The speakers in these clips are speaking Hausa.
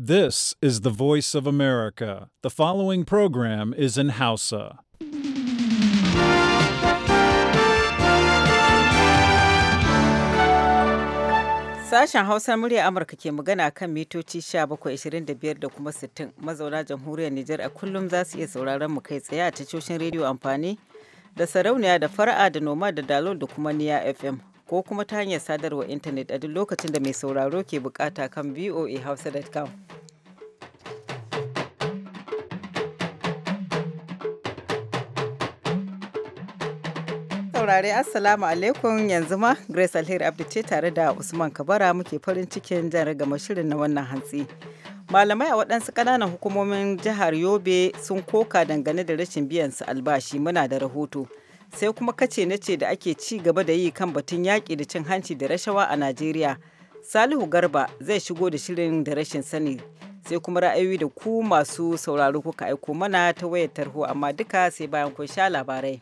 This is the voice of America. The following program is in Hausa. Sashen Hausa murya Amurka ke magana kan mitoci 1725 da kuma 60 mazauna jamhuriyar Nijar a kullum za su iya sauraron mu kai tsaye a tashoshin rediyo amfani da sarauniya da fara'a da noma da dalol da kuma niya FM ko kuma ta hanyar sadarwa intanet a duk lokacin da mai sauraro ke bukata kan voahausa.com. saurare assalamu alaikum yanzu ma grace alheri Abdi ce tare da usman kabara muke farin cikin jan ragama shirin na wannan hantsi malamai a waɗansu ƙananan hukumomin jihar yobe sun koka dangane da rashin biyan su albashi muna da rahoto sai kuma kace na ce da ake ci gaba da yi kan batun yaƙi da cin hanci da rashawa a Najeriya. Salihu Garba zai shigo da shirin da rashin sani sai kuma ra'ayoyi da ku masu sauraro kuka aiko mana ta wayar tarho amma duka sai bayan kun sha labarai.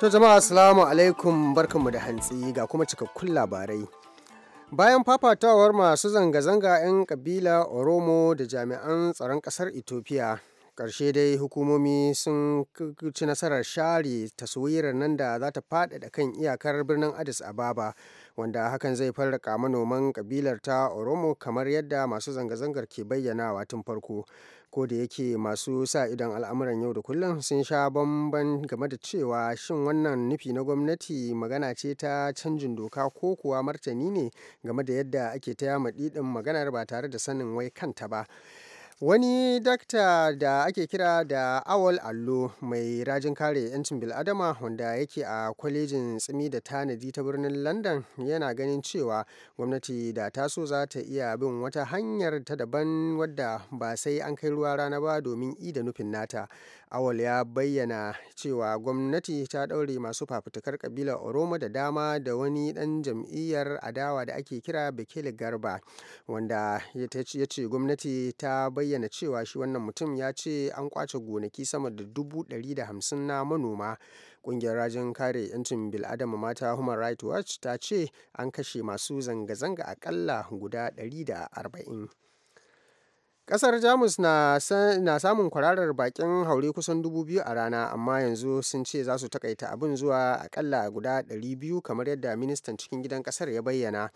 To jama'a assalamu alaikum barkanmu da hantsi ga kuma cikakkun labarai. bayan fafatawar masu zanga-zanga 'yan kabila oromo da jami'an tsaron kasar ethiopia ƙarshe dai hukumomi sun ci nasarar share taswirar nan da za ta faɗaɗa kan iyakar birnin addis ababa wanda hakan zai farraka manoman kabilar ta oromo kamar yadda masu zanga-zangar ke bayyanawa tun farko ko da yake masu sa idon al'amuran yau da kullum sun sha bamban game da cewa shin wannan nufi na gwamnati magana ce ta canjin doka ko kuwa martani ne game da yadda ake ta yama didin maganar ba tare da sanin wai kanta ba Wani dakta da ake kira da awal Allo mai rajin kare 'yancin bil'adama wanda yake a kwalejin tsimi da tanadi ta birnin London yana ganin cewa gwamnati da ta so za ta iya bin wata hanyar ta daban wadda ba sai an kai ruwa rana ba domin ida nufin nata. awal ya bayyana cewa gwamnati ta ɗaure masu fafutukar kabilar oromo da dama da wani ɗan jam'iyyar adawa da ake kira bekele garba wanda ya ce gwamnati ta bayyana cewa shi wannan mutum ya ce an kwace gonaki sama da dubu ɗari da hamsin na manoma ƙungiyar rajin kare 'yancin bil'adama mata human rights watch ta ce an kashe masu zanga-zanga akalla guda ɗari da arba'in. Ƙasar Jamus na, samun kwararar bakin haure kusan dubu biyu a rana amma yanzu sun ce za su takaita abin zuwa akalla guda 200 kamar yadda ministan cikin gidan ƙasar ya bayyana.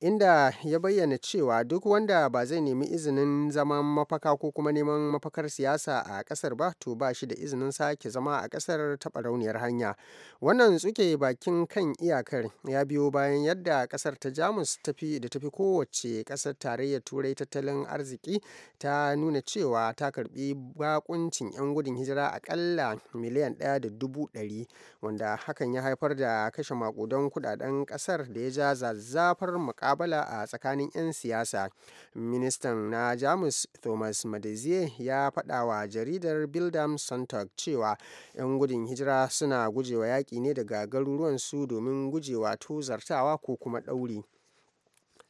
inda ya bayyana cewa duk wanda ba zai nemi izinin zaman mafaka ko kuma neman mafakar siyasa a kasar ba to ba shi da izinin sake zama a kasar taɓa rauniyar hanya wannan tsuke bakin kan iyakar ya biyo bayan yadda kasar ta jamus tafi da tafi kowace kasar tarayyar turai tattalin arziki ta nuna cewa ta karbi bakuncin 'yan gudun hijira akalla miliyan ɗaya da dubu ɗari wanda hakan ya haifar da kashe makudan kudaden kasar da ya ja zazzafar muka muƙabala a tsakanin 'yan siyasa ministan na jamus thomas madizie ya faɗa wa jaridar bildam sontag cewa 'yan gudun hijira suna gujewa yaƙi ne daga garuruwansu domin gujewa zartawa ko kuma ɗauri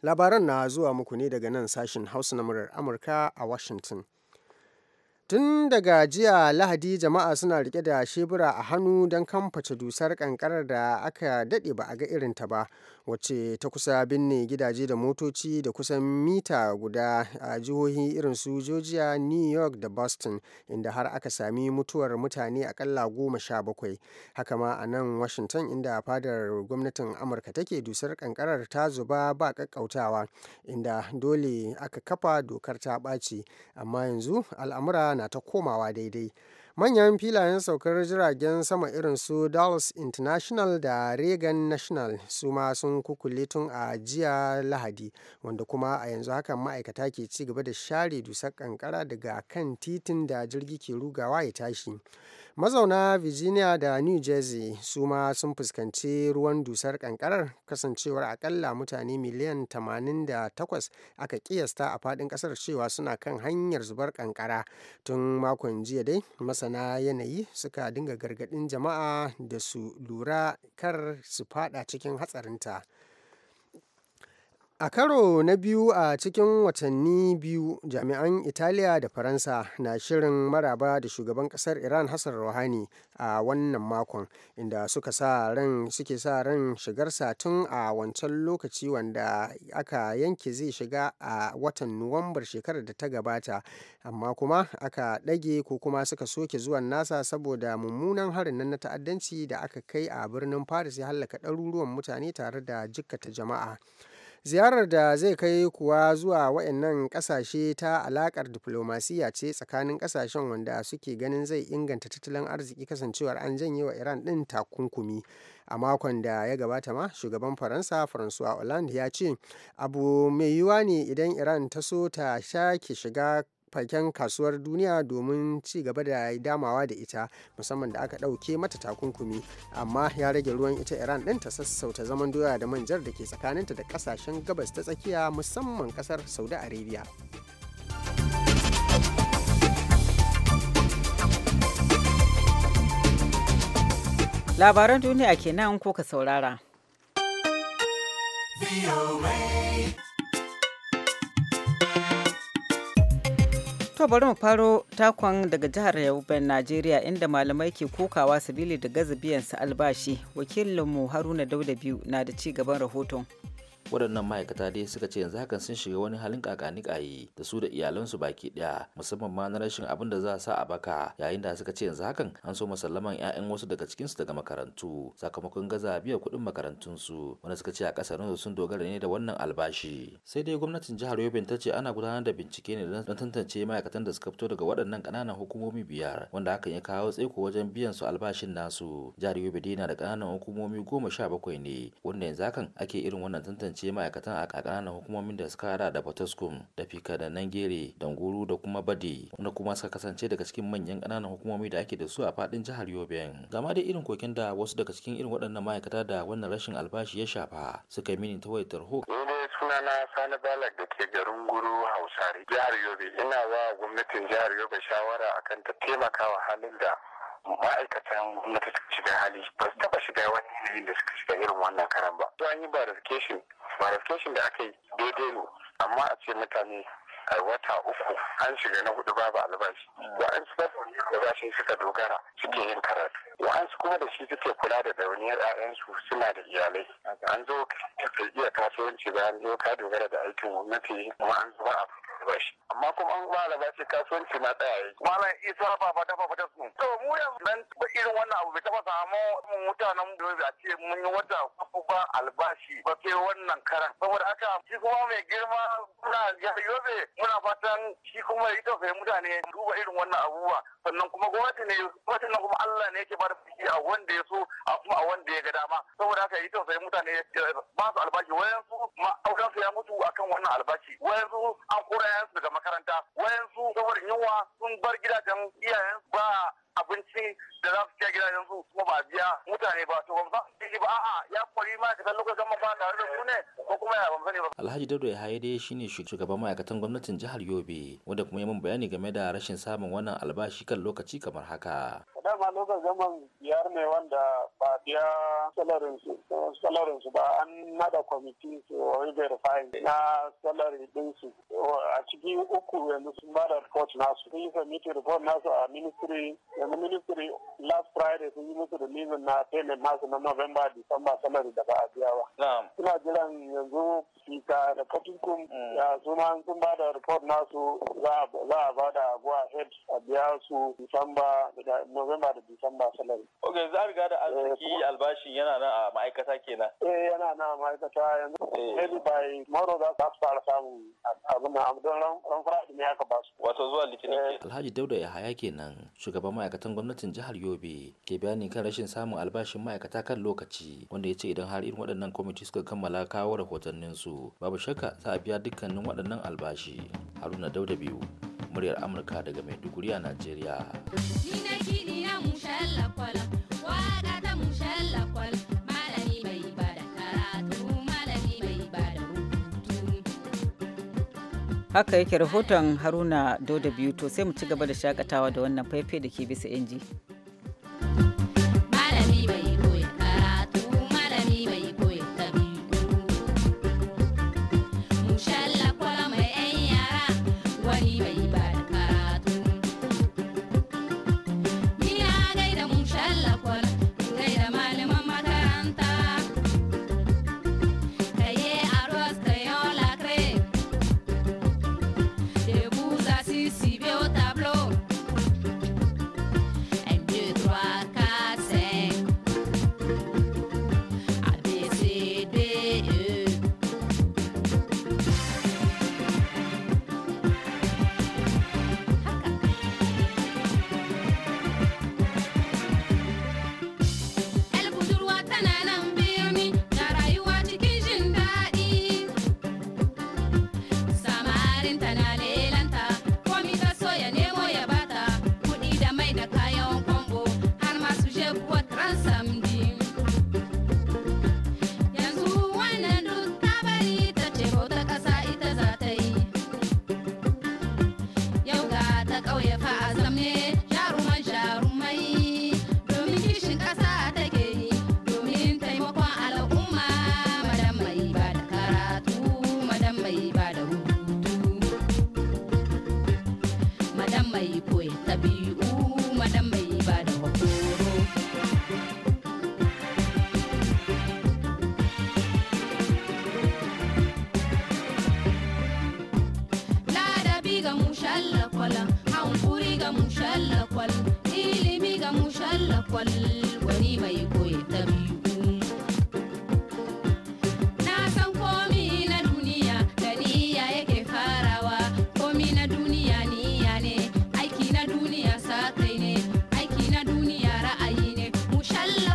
labaran na zuwa muku ne daga nan sashen hausa na murar amurka a washington tun daga jiya lahadi jama'a suna rike da shebura a hannu don kamface dusar kankarar da aka daɗe ba a ga irin ta ba wacce ta kusa binne gidaje da motoci da kusan mita guda a jihohi irin su georgia new york da boston inda har aka sami mutuwar mutane akalla goma sha bakwai haka ma a nan washington inda fadar gwamnatin amurka take dusar kankarar ta zuba ba kakkautawa inda dole aka kafa dokar ta ɓaci amma yanzu al'amura na ta komawa daidai manyan filayen saukar jiragen sama irin su dallas international da reagan national su ma sun kukule tun a jiya lahadi wanda kuma a yanzu hakan ma'aikata ke ci gaba da share dusar kankara daga kan titin da jirgi ke rugawa ya tashi mazauna virginia da new jersey su ma sun fuskanci ruwan dusar kankarar kasancewar akalla mutane miliyan 88 aka kiyasta a fadin kasar cewa suna kan hanyar zubar kankara tun makon jiya dai masana yanayi suka dinga gargadin jama'a da su lura kar su fada cikin hatsarinta. A karo na biyu a cikin watanni biyu, jami'an Italiya da Faransa na shirin maraba da shugaban kasar Iran Hassan Rouhani a wannan makon, inda suka suke sa ran shigarsa tun a wancan lokaci wanda aka yanke zai shiga a watan Nuwambar shekarar da ta gabata, amma kuma aka ɗage ko kuma suka soke zuwan nasa saboda mummunan harin nan na ta'addanci da aka kai a birnin Paris ya hallaka ɗaruruwan mutane tare da jikkata jama'a. ziyarar da zai kai kuwa zuwa waɗannan ƙasashe ta alaƙar diflomasiya ce tsakanin ƙasashen wanda suke ganin zai inganta tattalin arziki kasancewar an janye wa iran ɗin takunkumi a makon da ya gabata ma shugaban faransa francois hollande ya ce abu mai yiwuwa ne idan iran ta so ta shake shiga faken kasuwar duniya domin ci gaba da damawa da ita musamman da aka ɗauke mata takunkumi amma ya rage ruwan ita iran din ta sassauta zaman doya da manjar da ke tsakaninta da ƙasashen gabas ta tsakiya musamman ƙasar saudi arabia labaran duniya kenan ka saurara. To bari mu faro takon daga jihar Yobe, Najeriya inda malamai ke kokawa sabili da gaza su albashi. Wakilinmu Haruna Dauda biyu na da ci gaban rahoton. waɗannan ma'aikata dai suka ce yanzu hakan sun shiga wani halin kakanikaye da su da iyalansu baki ɗaya musamman ma na rashin abin da za a sa a baka yayin da suka ce yanzu hakan an so musallaman 'ya'yan wasu daga cikinsu daga makarantu sakamakon gaza biya kuɗin makarantunsu wanda suka ce a ƙasar sun dogara ne da wannan albashi sai dai gwamnatin jihar Yobe ta ce ana gudanar da bincike ne don tantance ma'aikatan da suka fito daga waɗannan ƙananan hukumomi biyar wanda hakan ya kawo tsaiko wajen biyan su albashin nasu jihar Yobe dai na da ƙananan hukumomi goma sha bakwai ne wanda yanzu hakan ake irin wannan tantance kasance ma'aikatan a hukumomin da suka hada da Potoskum da Fika da Nangere, Danguru da kuma Bade, wanda kuma suka kasance daga cikin manyan ƙananan hukumomi da ake da su a faɗin jihar Yobe. Gama dai irin kokin da wasu daga cikin irin waɗannan ma'aikata da wannan rashin albashi ya shafa suka yi mini ta wayar tarho. sunana sani balak da ke garin guru hausare jihar yobe ina wa gwamnatin jihar yobe shawara akan ta wa halin da ma'aikatan gwamnati suka shiga hali ba su taba shiga wani yanayin da suka shiga irin wannan karan ba to an yi verification verification da aka yi daidai ne amma a ce mutane a wata uku an shiga na hudu babu albashi wa'ansu da albashi suka dogara suke yin karatu wa'ansu kuma da shi suke kula da dauniyar su suna da iyalai an zo ka iya kasuwanci ba an zo ka dogara da aikin gwamnati kuma an zuba a amma kuma an ba ce kasuwanci ma tsaya Kuma malam isa ba ba dafa ba su to mu yanzu ba irin wannan abu bai taba samu mutanen mu a ce mun yi wata ba albashi ba sai wannan karan saboda haka shi kuma mai girma muna yobe muna fatan shi kuma ya fa mutane duba irin wannan abubuwa sannan kuma gwamnati ne gwamnati nan kuma Allah ne yake bada biki a wanda ya so a kuma a wanda ya ga dama saboda haka yi tausayi, mutane ba su albashi wayan su auren su ya mutu akan wannan albashi wayan su an kura yansu daga makaranta wayan su saboda yunwa sun bar gidajen iyayen ba abinci da za su gida gidajen kuma ba biya mutane ba to ba san ba a'a ya kori ma'aikatan lokacin gama ba tare da su ne ko kuma ya ban sani ba Alhaji Dauda ya haye dai shine shugaban ma'aikatan gwamnatin jihar Yobe wanda kuma ya min bayani game da rashin samun wannan albashi kan lokaci kamar haka dama lokacin zaman biyar ne wanda ba biya salarin su ba an nada kwamiti su wani verifying na salari din su a cikin uku yanzu sun ba da report nasu sun yi kwamiti report nasu a ministry yanzu ministry last friday sun yi musu releasing na payment nasu na november december salary da ba a biya ba suna jiran yanzu fika da katukun mm. ya suna sun ba da report nasu za a ba da go ahead a biya su november da december salary ok za a riga da arziki eh, albashin yana na a ma'aikata kenan eh yana na a ma'aikata yanzu eh. maybe by tomorrow za su fara samun abin nan don ran fara ne aka ba su wato zuwa litinin eh. alhaji dauda haya kenan shugaban ma'aikata ma'aikatan gwamnatin jihar Yobe ke bayani kan rashin samun albashin ma'aikata kan lokaci wanda ya ce idan har irin waɗannan kwamiti suka kammala kawo rahotannin su babu shakka za a biya dukkanin waɗannan albashi. Haruna Dauda biyu muryar Amurka daga Maiduguri a nigeria. Ni haka yake rahoton haruna dauda biyu to sai mu ci gaba da shakatawa da wannan faifai da ke bisa inji. kwal mai koyi ɗabi'u. Na san komi na duniya da niyya yake farawa, komi na duniya niya ne, aiki na duniya sa ne, aiki na duniya ra'ayi ne,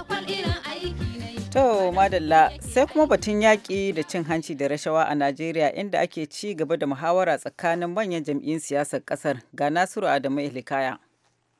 kwal irin aiki ne. To, madalla. sai kuma batun yaƙi da cin hanci da rashawa a najeriya inda ake ci gaba da muhawara tsakanin manyan jam'iyyun siyasar ƙasar ga nasiru adamu ilikaya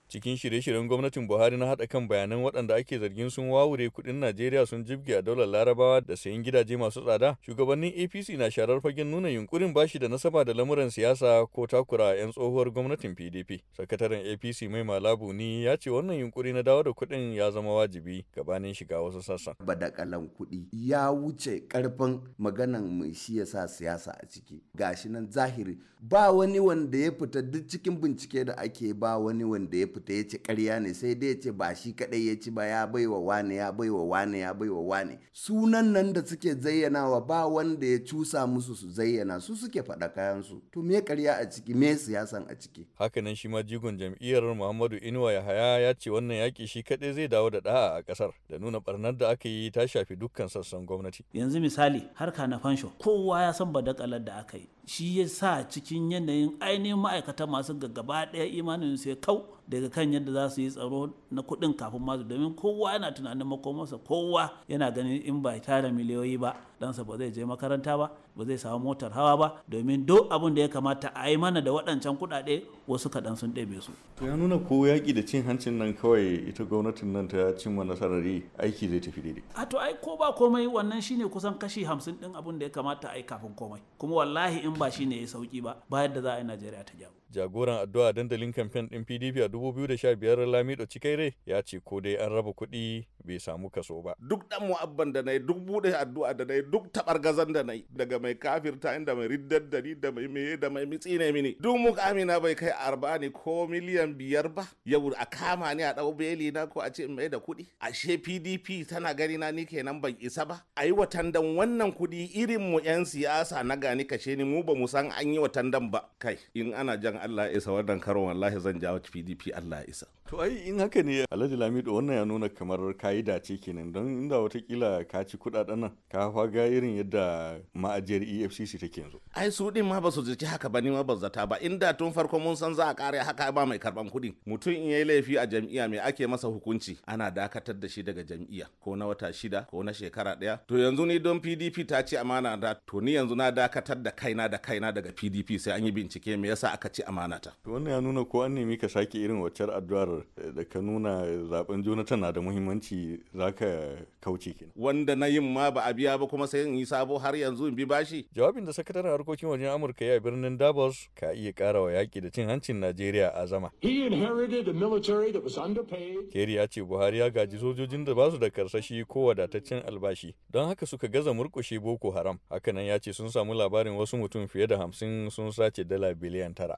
cikin shirye-shiryen gwamnatin buhari na haɗa kan bayanan waɗanda ake zargin sun wawure kuɗin najeriya sun jibge a daular larabawa da sayan gidaje masu tsada shugabannin apc na sharar fagen nuna yunkurin bashi da nasaba da lamuran siyasa ko takura 'yan tsohuwar gwamnatin pdp sakataren apc mai malabu ni ya ce wannan yunkuri na dawo da kuɗin ya zama wajibi gabanin shiga wasu sassan kalan kuɗi ya wuce karfin maganan mai shi ya sa siyasa a ciki gashi nan zahiri ba wani wanda ya fita duk cikin bincike da ake ba wani wanda ya fita ya ce karya ne sai dai ya ce ba shi kaɗai ya ci ba ya baiwa wane ya baiwa wane ya baiwa wane sunan nan da suke zayyanawa ba wanda ya cusa musu su zayyana su suke faɗa kayansu to me karya a ciki me siyasan a ciki hakanan shi ma jigon jam'iyyar muhammadu inuwa yahaya ya ce wannan yaƙi shi kaɗai zai dawo da ɗa'a a ƙasar da nuna ɓarnar da aka yi ta shafi dukkan sassan gwamnati yanzu misali harka na fansho kowa ya san badakalar da aka yi shi ya sa cikin yanayin ainihin ma'aikata masu gaba ɗaya imanin sai kau daga kan yadda za su yi tsaro na kuɗin kafin masu domin kowa yana tunanin makomarsa kowa yana ganin in ba tara miliyoyi ba ɗansa ba zai je makaranta ba ba zai samu motar hawa ba domin duk abin da ya kamata a yi mana da waɗancan kuɗaɗe wasu kaɗan sun ɗebe su. to ya nuna ko yaƙi da cin hancin nan kawai ita gwamnatin nan ta cimma nasarar aiki zai tafi daidai. a to ai ko ba komai wannan shine kusan kashi hamsin ɗin abin da ya kamata a yi kafin komai kuma wallahi in ba shine ya yi sauki ba bayan da za a yi najeriya ta gyaru jagoran addu'a dandalin kamfen ɗin pdp a 2015 lamido cikaire ya ce ko dai an raba kuɗi bai samu kaso ba duk dan mu'abban da nayi duk bude addu'a da nayi duk tabar gazan da nayi daga mai kafirta inda mai riddar da ni da mai meye da mai mitsi ne mini duk mukamina bai kai arba ne ko miliyan biyar ba yau a kama ni a dau beli na ko a ce mai da kuɗi ashe pdp tana gani na ni kenan ban isa ba a yi watandan wannan kuɗi irin mu 'yan siyasa na gani kashe ni mu ba mu san an yi watandan ba kai in ana jan idan Allah ya isa wannan karon wallahi zan jawo PDP Allah ya isa to ai in haka ne Alhaji Lamido wannan ya nuna kamar kayi dace kenan don inda watakila ka ci kudaden nan ka faga irin yadda ma'ajiyar EFCC take yanzu ai su din ma ba su zaci haka ba ni ma ban zata ba inda tun farko mun san za a kare haka ba mai karban kuɗi. mutum in yayi laifi a jam'iyya mai ake masa hukunci ana dakatar da shi daga jam'iyya ko na wata shida ko na shekara daya to yanzu ni don PDP ta ce amana da to ni yanzu na dakatar da kaina da kaina daga PDP sai an yi bincike me yasa aka ce amana ta wannan ya nuna ko an nemi ka sake irin waccar addu'ar eh, da ka nuna zaben jonathan na da muhimmanci zaka kauce ki. wanda na yin ma ba a biya ba kuma sai in yi sabo har yanzu in bi bashi jawabin da sakataren harkokin wajen amurka ya birnin davos ka iya kara wa yaki da cin hancin najeriya azama he inherited a military that was underpaid keri ya ce buhari ya gaji sojojin da basu da karsashi ko wadataccen albashi don haka suka gaza murkushe boko haram hakanan ya ce sun samu labarin wasu mutum fiye da hamsin sun sace dala biliyan tara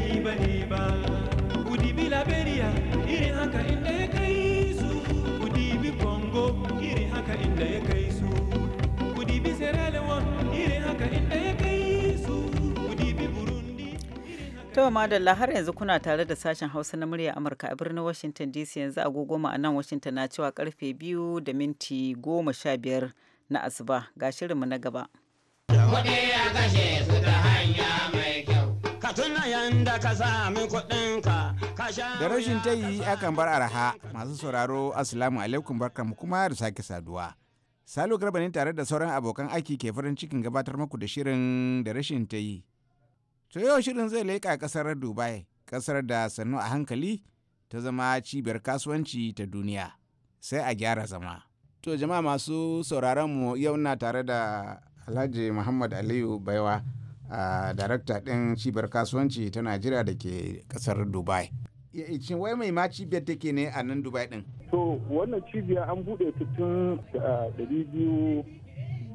To madalla har yanzu kuna tare da sashen Hausa na murya Amurka a birnin Washington DC yanzu agogo a nan Washington na cewa karfe biyu da minti goma sha biyar na asuba ga shirinmu na gaba. Da rashin ta yi akan bar araha masu sauraro Assalamu alaikum barkamu kuma da sake saduwa. Salo Garba ne tare da sauran abokan aiki ke farin cikin gabatar muku da shirin da rashin ta yi. To yau shirin zai leƙa ƙasar Dubai, ƙasar da sannu a hankali ta zama cibiyar kasuwanci ta duniya. Sai a gyara zama. To jama'a masu sauraron mu yau na tare da Alhaji Muhammad Aliyu Baiwa, a darakta ɗin cibiyar kasuwanci ta Najeriya da ke ƙasar Dubai. Shin wai mai ma cibiyar take ne a nan Dubai ɗin? To wannan cibiya an buɗe ta tun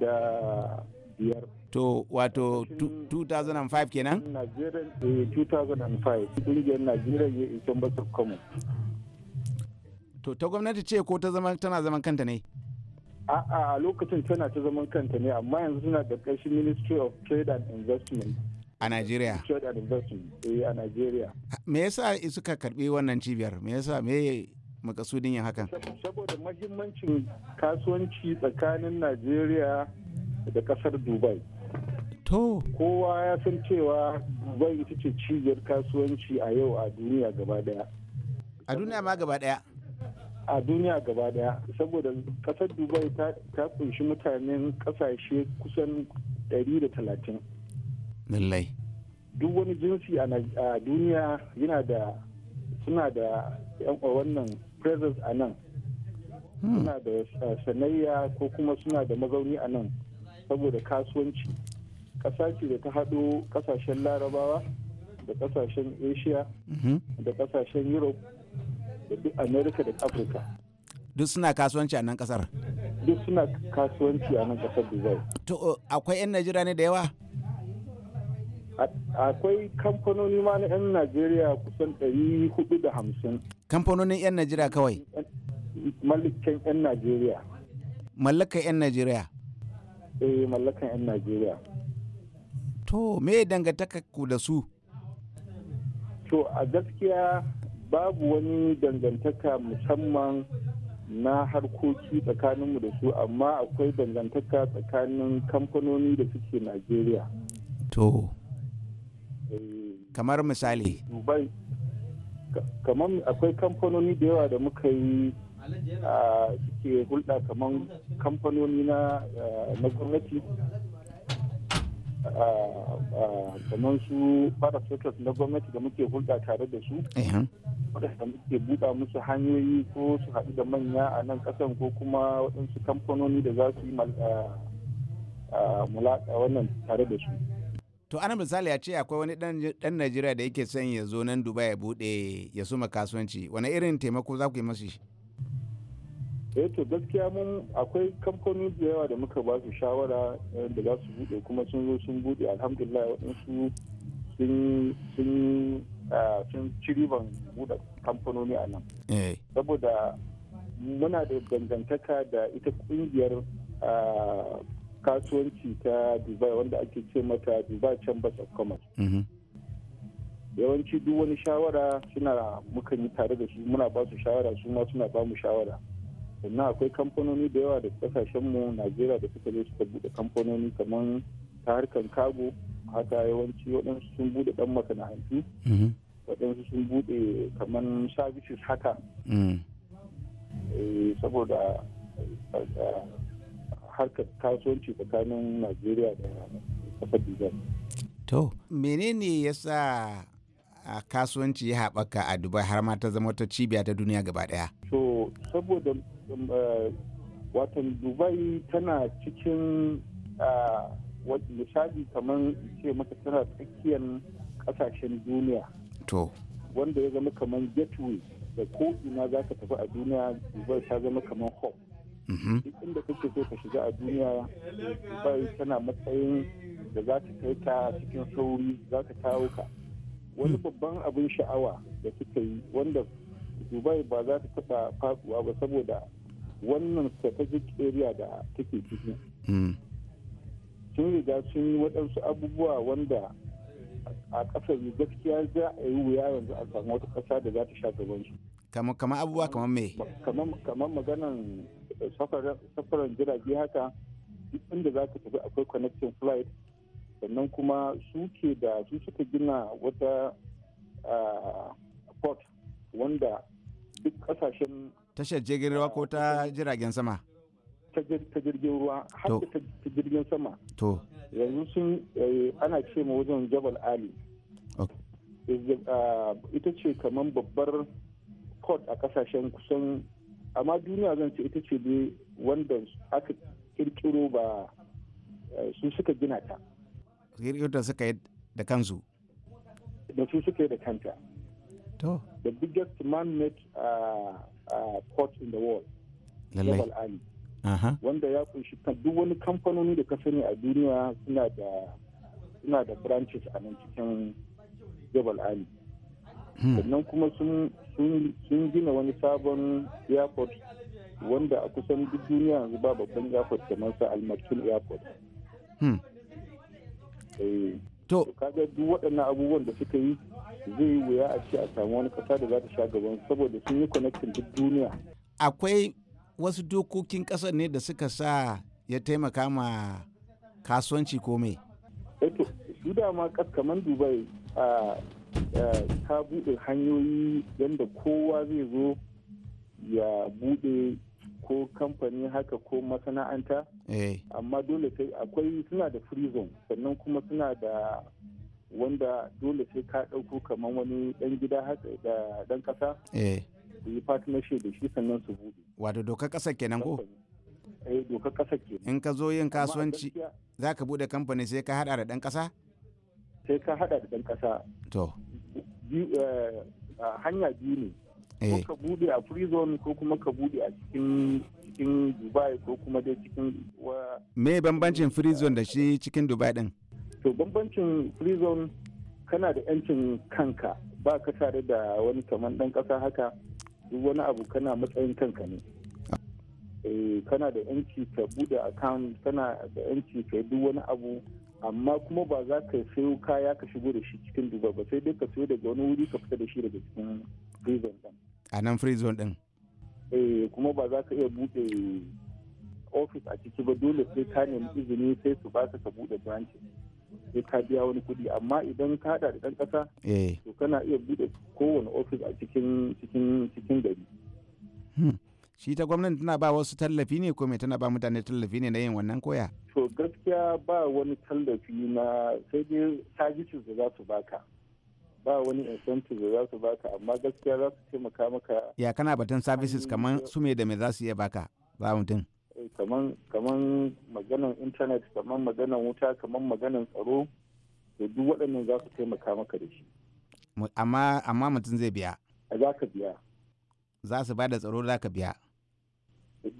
da biyar. To wato 2005 kenan? Nigerian 2005 eh, Nigerian ya isan basu kamu. To ta gwamnati ce ko ta zama tana zaman kanta ne? a a lokacin tana ta zaman kanta ne amma yanzu suna da ƙarƙashin Ministry of Trade and Investment. A nigeria Trade and Investment eh, a Najeriya. Me yasa suka karbi wannan cibiyar? Me yasa me makasudin yin hakan? Saboda mahimmancin kasuwanci tsakanin nigeria da kasar dubai kowa ya san cewa dubai ita ce cibiyar kasuwanci a yau a duniya gaba daya a duniya ma gaba daya a duniya gaba daya saboda kasar dubai ta kunshi mutanen kasashe kusan 130 lallai duk wani jinsi a duniya yana da suna da wannan presence a nan hmm. suna da sanayya ko kuma suna da mazauni a nan saboda kasuwanci ƙasa ce da ta haɗo ƙasashen larabawa da ƙasashen asia mhm. da ƙasashen europe da duk america da africa duk suna kasuwanci a nan ƙasar duk suna kasuwanci a nan ƙasar dubai to akwai 'yan najeriya ne da yawa akwai kamfanoni ma na 'yan najeriya kusan 450 kamfanonin 'yan najeriya kawai mallakan 'yan najeriya mallakan 'yan najeriya eh mallakan 'yan najeriya to me dangantaka ku da su to a gaskiya babu wani dangantaka musamman na harkoki tsakaninmu da su amma akwai dangantaka tsakanin kamfanoni da suke najeriya to eh, kamar misali kamar akwai kamfanoni da yawa da muka yi suke hulɗa kamar kamfanoni na eh, gwamnati kamar su parastatals na gwamnati da muke hulɗa tare da su waɗanda muke buɗa musu hanyoyi ko su haɗu da manya a nan ƙasan ko kuma waɗansu kamfanoni da za su yi eh, eh, mulaƙa wannan tare da su to ana misali a ce akwai wani ɗan najeriya da yake son ya zo nan dubai ya buɗe ya suma kasuwanci wani irin taimako za ku yi masu shi eh to gaskiya mun akwai kamfanoni da yawa da muka ba su shawara eh, da za su bude kuma sun zo sun bude alhamdulillah waɗansu sun ah, sun ci riban buɗe kamfanoni a nan eh. saboda muna da dangantaka da ita kungiyar ah, kasuwanci ta dubai wanda ake ce mata dubai chambers of commerce mm-hmm. yawanci duk wani shawara suna mukan yi tare da su muna ba su shawara su ma suna ba mu shawara sannan akwai kamfanoni da yawa da mu najeriya da suka zo suka bude kamfanoni kamar ta harkar kago haka yawanci waɗansu sun bude ɗan masana'antu mhm. waɗansu sun bude kamar services haka mm. eh, saboda eh, harkar kasuwanci tsakanin najeriya da kasar to menene yasa kasuwanci ya haɓaka a dubai har ma ta zama wata cibiya ta duniya gaba daya. to saboda um, eh, watan dubai tana cikin ah, misali kamar ce maka tana tsakiyar kasashen duniya to wanda ya zama kamar gateway da ko za ka tafi a duniya dubai ta zama kamar hub mm-hmm. duk inda kake so ka shiga a duniya dubai tana matsayin da za ta kai ta cikin sauri za ta kawo ka wani hmm. babban abin sha'awa da suka yi wanda dubai ba za ta taɓa faɗuwa ba saboda wannan strategic area da take ciki hmm. sun riga sun yi waɗansu abubuwa wanda a ƙasar gaskiya za a yi wuya yanzu a samu wata ƙasa da za ta sha gabansu kamar abubuwa kamar me kamar maganan safaran jirage haka inda za ka tafi akwai connecting flight sannan kuma su ke da su suka gina wata port wanda duk kasashen tashar jirgin ruwa ko ta jiragen sama ta jirgin ruwa har ta jirgin sama to yanzu sun eh, ana ce ma wajen jabal ali ita ce kamar babbar port a kasashen kusan amma duniya zan ce ita ce dai wanda aka kirkiro ba eh, su suka gina ta kirkirta suka yi da kansu da su suke da kanta to the biggest man-made uh, uh, port in the world lallai ali wanda ya kunshi duk wani kamfanoni da ka sani a duniya suna da suna da branches a nan cikin jabal ali hmm. sannan kuma sun gina wani sabon airport wanda a kusan duk duniya yanzu ba babban airport kamar sa almartun airport hmm. Eh, to kaga duk waɗannan abubuwan da suka yi zai yi wuya a ce a samu wani ƙasa da za ta sha gaban saboda sun yi connecting duk duniya akwai wasu dokokin ƙasar ne da suka sa ya taimaka ma kasuwanci ko mai eto eh, su dama kamar dubai a ta buɗe hanyoyi yadda kowa zai zo ya buɗe ko kamfani haka ko masana'anta eh. amma dole sai akwai suna da freezon sannan kuma suna da wanda dole sai ka ɗauko kamar wani ɗan gida haka da ɗan ƙasa eh. su yi partnership da shi sannan su buɗe wato dokar ƙasa kenan ko eh dokar ƙasa kenan in ka zo yin kasuwanci za ka buɗe kamfani sai ka haɗa da ɗan ƙasa sai ka haɗa da ɗan ƙasa to eh, hanya biyu ne ko eh. ka bude a prison ko kuma ka bude a cikin cikin dubai ko kuma dai cikin wa me bambancin prison da shi cikin dubai din to bambancin prison kana da yancin kanka ba ka tare da wani kaman dan kasa haka duk wani abu kana matsayin kanka ne eh, kana da yanci ka bude account kana da yanci ka duk wani abu amma kuma ba za ka sayo kaya ka shigo da shi cikin dubai ba sai dai ka sayo daga wani wuri ka fita da shi daga cikin prison din a nan free zone din eh kuma ba za ka iya buɗe ofis a ciki ba dole sai ka nemi izini sai su ba ka buɗe branch sai ka biya wani kuɗi amma idan ka hada da ɗan ƙasa eh. to kana iya buɗe kowane ofis a cikin cikin cikin gari hmm. shi ta gwamnati tana ba wasu tallafi ne ko mai tana ba mutane tallafi ne na yin wannan koya to gaskiya ba wani tallafi na sai dai services da za su baka ba wani incentive da za su baka amma gaskiya za su taimaka maka ya kana batun services kamar su me da me za su iya baka ba mutum eh, kaman maganan intanet kaman maganan wuta kaman maganan tsaro da duk waɗannan za su taimaka maka da shi amma amma mutum zai biya za ka biya za su ba da tsaro za ka biya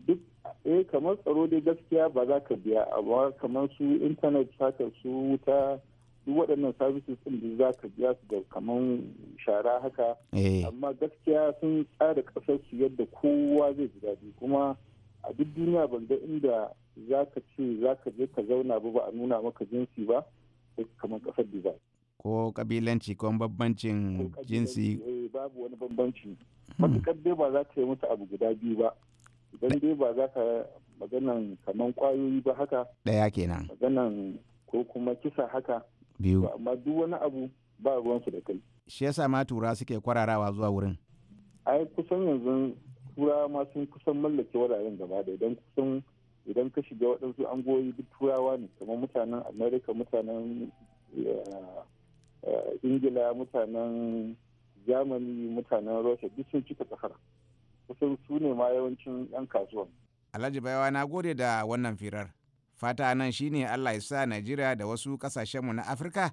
duk eh kamar tsaro dai gaskiya ba za ka biya amma kamar su intanet haka su wuta duk waɗannan services ɗin da za ka biya su da kaman shara haka eh. amma gaskiya sun tsara ƙasar su yadda kowa zai ji daɗi kuma a duk duniya ban ga inda za ka ce za ka je ka zauna ba ba a nuna maka jinsi ba kamar ƙasar da Ko kabilanci ko bambancin jinsi. Eh, babu wani bambanci. Hmm. Matuƙar dai ba za ka yi musu abu guda biyu ba. Idan dai ba za ka maganan kamar kwayoyi ba haka. Ɗaya kenan. Maganan ko kuma kisa haka. biyu amma duk wani abu ba ruwan su da kai shi yasa ma tura suke kwararawa zuwa wurin ai kusan yanzu turawa ma sun kusan mallake wuraren gaba da idan kusan idan ka shiga waɗansu angoyi duk turawa ne kamar mutanen america mutanen eh, eh, ingila mutanen germany mutanen russia duk sun cika sahara kusan su ne ma yawancin 'yan kasuwan alhaji bayawa na gode da wannan firar fata nan shine allah ya sa najeriya da wasu kasashenmu na afirka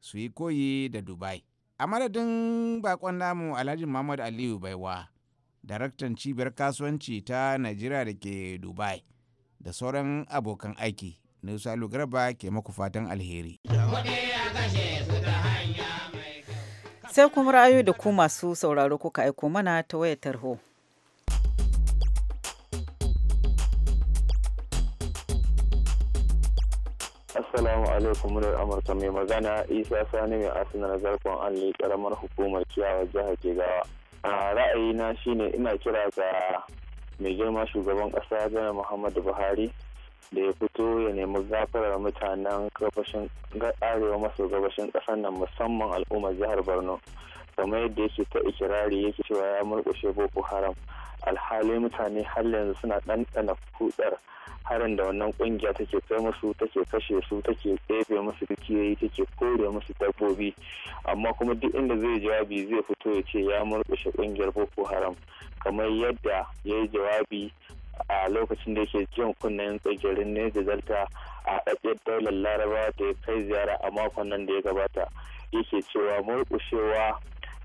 su yi koyi da dubai a madadin bakon namu alhaji muhammad aliyu baiwa daraktan cibiyar kasuwanci ta najeriya da ke dubai da sauran abokan aiki nusa lugarba ke maku fatan alheri sai kuma ra'ayoyi da ku masu sauraro kuka aiko mana ta wayar tarho alaikum murar Amurka mai magana Isa Sani mai Arsenal an alli karamar hukumar kiyawa jihar Jigawa. A na shine ina kira ga mai girma shugaban ƙasa jana Muhammadu Buhari da ya fito ya nemi gafarar mutanen gabashin arewa maso gabashin ƙasar nan musamman al'ummar jihar Borno. Kamar yadda yake ta ikirari yake cewa ya murƙushe Boko Haram. alhali mutane har yanzu suna ɗanɗana kudar harin da wannan kungiya take kai musu take kashe su take ɗebe musu dukiyoyi take kore musu dabbobi amma kuma duk inda zai jawabi zai fito ya ce ya murƙushe kungiyar boko haram kamar yadda ya yi jawabi a lokacin da yake jin kunnen tsagirin ne da zalta a ɗaɗɗiyar daular laraba da ya kai ziyara a makon nan da ya gabata yake cewa murƙushewa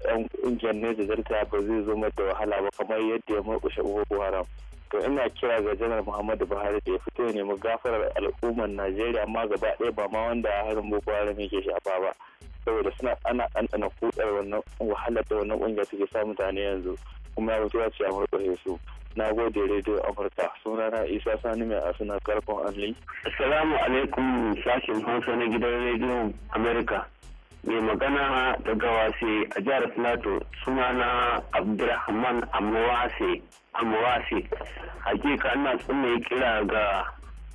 yan kungiyar ne da zarta ba zai zo da wahala ba kamar yadda ya murkushe boko haram to ina kira ga janar muhammadu buhari da ya fito ya nemi gafarar al'ummar najeriya amma gaba ɗaya ba ma wanda harin boko haram yake shafa ba saboda suna ana ɗanɗana kutsar wannan wahalar da wannan ƙungiya take sa mutane yanzu kuma ya fito ya ce a murkushe su na gode rediyo amurka Suna na isa sani mai asuna karfin alli assalamu alaikum sashen hausa na gidan rediyon Amurka. mai magana da gawase a jihar plateau suna na abdulrahman amwase amwase hakika ina tsunne kira ga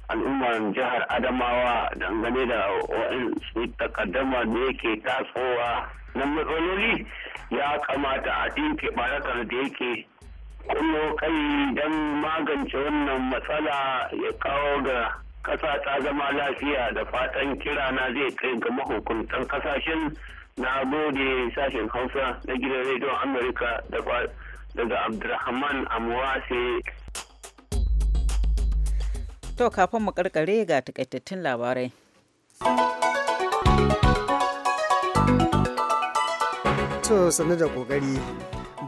al'ummar jihar adamawa dangane da wa'in takaddama da yake tasowa na matsaloli ya kamata a dinke barakar da yake kullo kai don magance wannan matsala ya kawo ga ƙasa ta zama lafiya da fatan kira na zai kai ga mahukuntan kasashen na gode sashen hausa na gidan rediyon amurka daga abdulrahman amuwase to kafin mu karkare ga takaitattun labarai to da kokari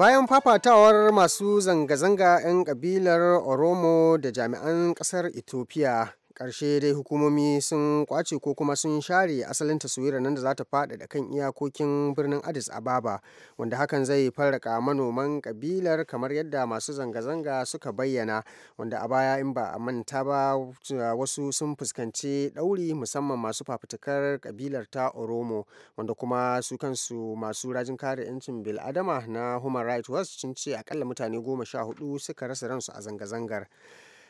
bayan fafatawar masu zanga-zanga 'yan kabilar oromo da jami'an kasar ethiopia karshe dai hukumomi sun kwace ko kuma sun share asalin taswirar nan da za ta faɗaɗa kan iyakokin birnin addis ababa wanda hakan zai farraka manoman kabilar kamar yadda masu zanga-zanga suka bayyana wanda a baya in ba a manta ba wasu sun fuskanci ɗauri musamman masu fafutukar kabilar ta oromo wanda kuma su kansu masu rajin kare 'yancin bil'adama na human rights watch sun ce akalla mutane goma sha hudu suka rasa ransu a zanga-zangar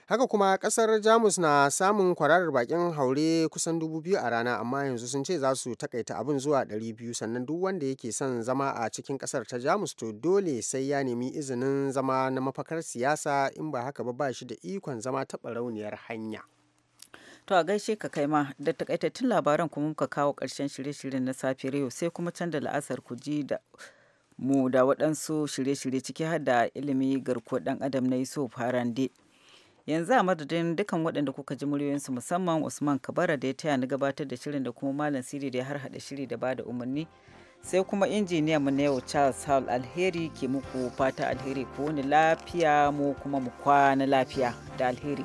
Haka kuma kasar Jamus na samun kwararar bakin haure kusan dubu biyu a rana amma yanzu sun ce za su takaita abin zuwa ɗari biyu sannan duk wanda yake son zama a cikin kasar ta Jamus to dole sai ya nemi izinin zama na mafakar siyasa in ba haka ba ba shi da ikon zama taɓa rauniyar hanya. To a gaishe ka kai ma da takaitattun labaran kuma muka kawo ƙarshen shirye-shiryen na safe yau sai kuma can da la'asar ku ji da mu da waɗansu shirye-shirye ciki har da ilimi garkuwar ɗan adam na so Harande. yanzu a madadin dukkan waɗanda kuka ji muryoyinsu musamman usman kabara da ya taya ni gabatar da shirin da kuma malam siri da ya hada shiri da bada umarni sai kuma injiniya mu na yau charles hall alheri ke muku fata alheri ko wani lafiya mu kuma mu kwana lafiya da alheri